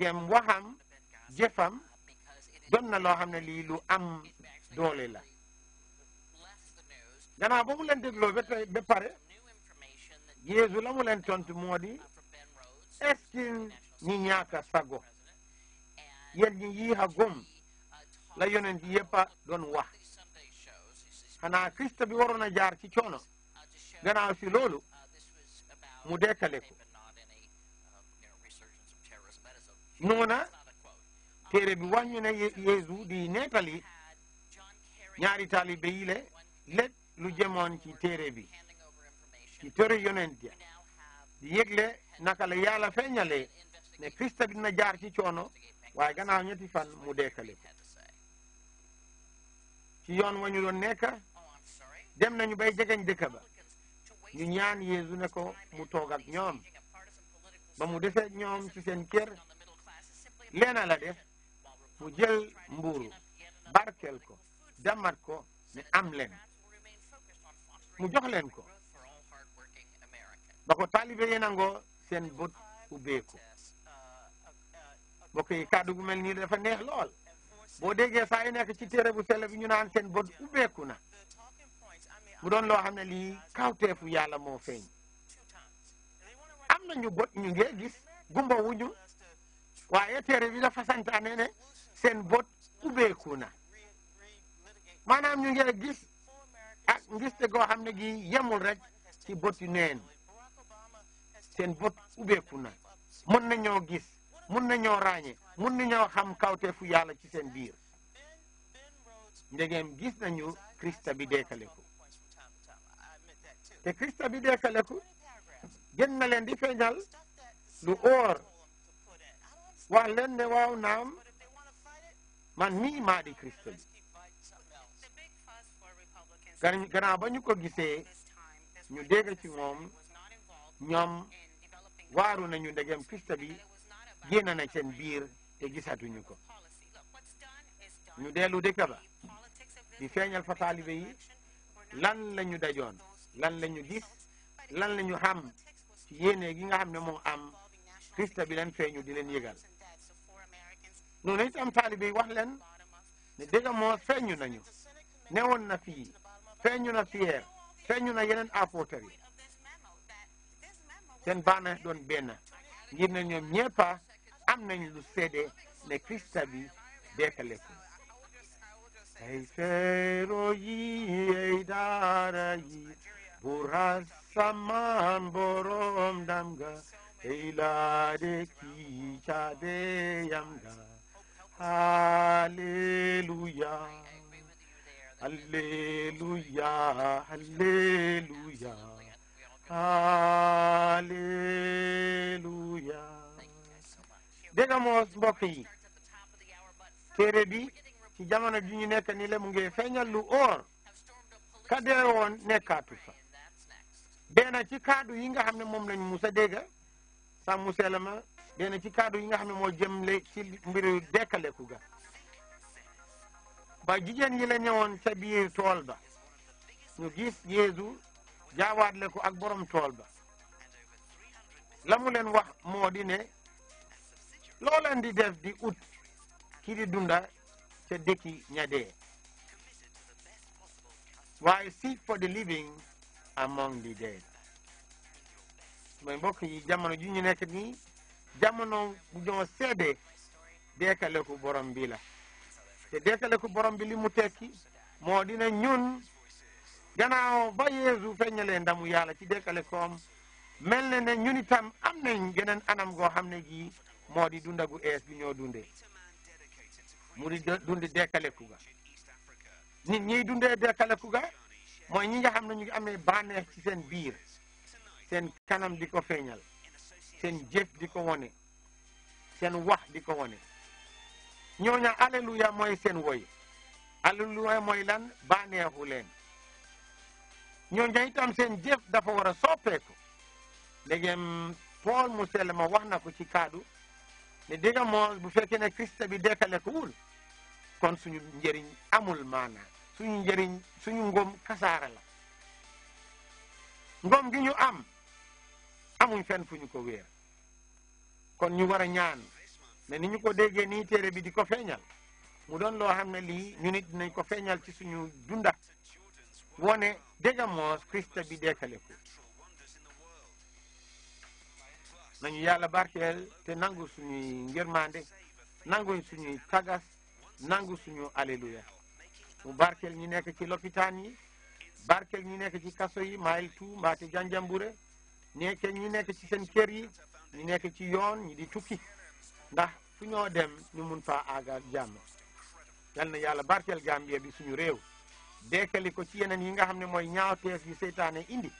digam waxam jëfam doon na loo xam ne lii lu am doole la gannaaw ba mu leen dégloo ba pare Yeesu la mu leen tontu moo di est ñaaka sago yéen ñi yii a gom la yonent yëpp a doon wax xanaa Krista bi waroon a jaar ci coono gannaaw si loolu mu dekkale ko noona téere bi wax ñu ne Yeesu di nettali ñaari taalibe yi le lépp lu jëmoon ci téere bi ci téere yonent ya di yëgle naka la yàlla feeñalee ne Krista na jaar ci coono waaye gannaaw ñetti fan mu dekkale ci yoon wañu doon nekk dem nañu bay jegeñ dëkk ba ñu ñaan Yeesu ne ko mu toog ak ñoom ba mu defee ñoom ci seen kër leena la def mu jël mbuuru barkel ko damat ko ne am leen mu jox leen ko ba ko taalibe yi nangoo seen bët ubbeeku mbokk yi kàddu gu mel nii dafa neex lool boo déggee saa yu nekk ci téere bu sell bi ñu naan seen bët ubbeeku na mu doon loo xam ne lii kawteefu yàlla moo feeñ am nañu bët ñu ngee gis gumba wuñu waaye téere bi dafa santaane ne seen bot ubbeeku na maanaam ñu ngi gis a ngis te goo xam ne gi yemul rek ci bot yu neen seen boot ubbeeku na mën nañoo gis mën nañoo ràññee mën nañoo xam kawteefu yàlla ci seen biir ndegeem gis nañu Krista bi deekaleku te Krista bi deekaleku gën na leen di feeñal lu óor wax leen ne waaw naam man mi maa di christian gannaaw ba ñu ko gisee ñu dégg ci moom ñoom waaru nañu ndegem Krista bi génn e na seen biir te gisatuñu ko ñu dellu dëkk ba di feeñal fa taalibe yi lan lañu ñu dajoon lan la ñu gis lan la ñu xam ci yéene gi nga xam ne moom am Krista bi leen feeñul di leen yëgal noonu it am taalibe wax leen ne dëgga moo feeñu nañu newoon na fii feeñu na fiyeer feeñu na yeneen afootar yi seen baana doon benn ngir ne ñoom ñeppa am nañ lu seede ne Krista bi dekkaleku ay feero yi ay daara yi buras samaan borom dam ga ay laade kii caade yam ga Hallelujah. Hallelujah. Hallelujah. Hallelujah. Dégamos mbokk yi téere bi ci jamono ji ñu nekk ni la mu ngi feeñal lu óor ka dee woon nekkaatu fa benn ci kaadu yi nga xam ne moom lañ musa dégga sa musee la dee ci kaddu yi nga xam ne moo jëmle ci mbiru dekkaleku ga ba jigéen yi la ñëwoon ca biir tool ba ñu gis Yeesu jaawaatle ko ak borom tool ba la mu wax moo di ne loo di def di ut ki di dunda ca dëkki ña dee waaye seek for the living among the dead mooy mbokk yi jamono ju ñu nekk nii jamono ñoo seede dekaleku borom bi la te deekaleku borom bi li mu tekki moo dina ñun gannaaw ba yeesu feeñalee ndamu yàlla ci deekale koom mel na ne ñun itam am nañ geneen anam goo xam ne gii moo di dunda dundagu ees bi ñoo dundee mu di dundi deekaleku ga nit ñiy dundee deekaleku ga mooy ñi nga xam ne ñu ngi amee bànneex ci seen biir seen kanam di ko feeñal seen jëf di ko wone seen wax di ko wone ñooña alléluia mooy seen woy alléluia mooy lan bànneexu leen ñooña itam seen jëf dafa war a soppeeku léegi Paul mu sell wax na ko ci kaddu ne dégg nga bu fekkee ne Christ bi dekkalekuwul kon suñu njëriñ amul maanaa suñu njëriñ suñu ngóom kasaara la ngóom gi ñu am amuñ fenn fu ñu ko wéer kon ñu war a ñaan mais ni ñu ko déggee nii téere bi di ko feeñal mu doon loo xam ne lii ñu nit dinañ ko feeñal ci suñu dunda wone dégg moos Christ bi dekkale nañu yàlla barkeel te nangu suñuy ngërmande nangu suñuy tagas nangu suñu alléluia mu barkeel ñi nekk ci lopitaan yi barkeel ñi nekk ci kaso yi maayil tu mbaate janjambure ñeeke ñi nekk ci seen yi ñi nekk ci yoon ñi di tukki ndax fu ñoo dem ñu mun faa aagal jàmm yal na yàlla barkeel Gambia bi suñu réew dekkali ko ci yeneen yi nga xam ne mooy ñaawteef yi seytaane indi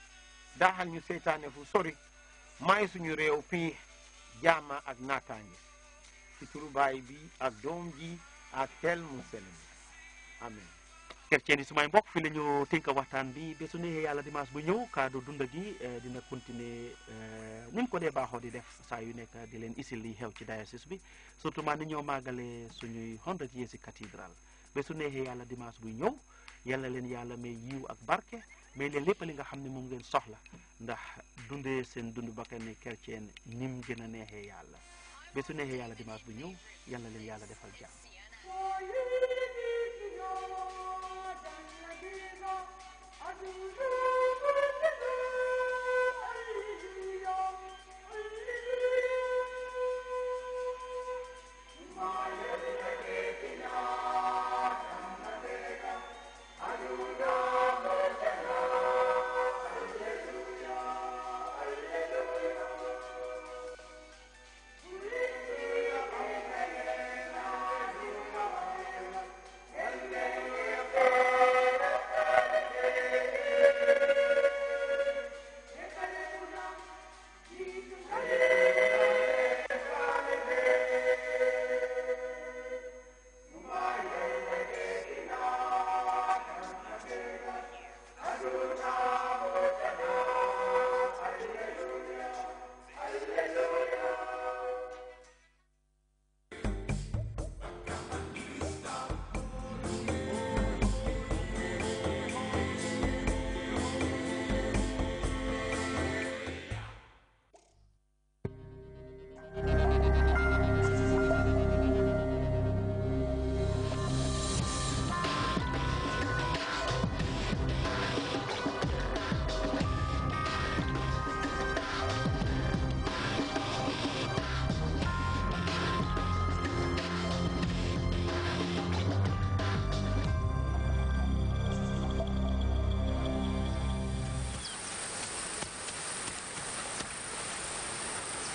daaxal ñu seytaane fu sori may suñu réew fii jaama ak naataange ci surubaay bi ak doom ji ak tel mu selen amen chrétien yi sumay mbokk fi la tink waxtaan bi ba su neexee yàlla dimanche bu ñëw kaddu dunda gi eh, dina continuer eh, ni mu ko dee baaxoo di def saa yu nekk di leen isil li xew ci diocèse bi surtout man ni ñoo màggale suñuy hundred years si cathédrale ba su neexee yàlla dimanche buy ñëw yàlla leen yàlla may yiw ak barke mais leen lépp li nga xam ne moom ngeen soxla ndax dundee seen dund ba kenn chrétien nim gën a neexee yàlla ba su neexee yàlla dimanche bu ñëw yàlla leen yàlla defal jàmm Thank you.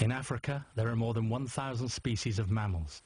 In Africa, there are more than 1,000 species of mammals.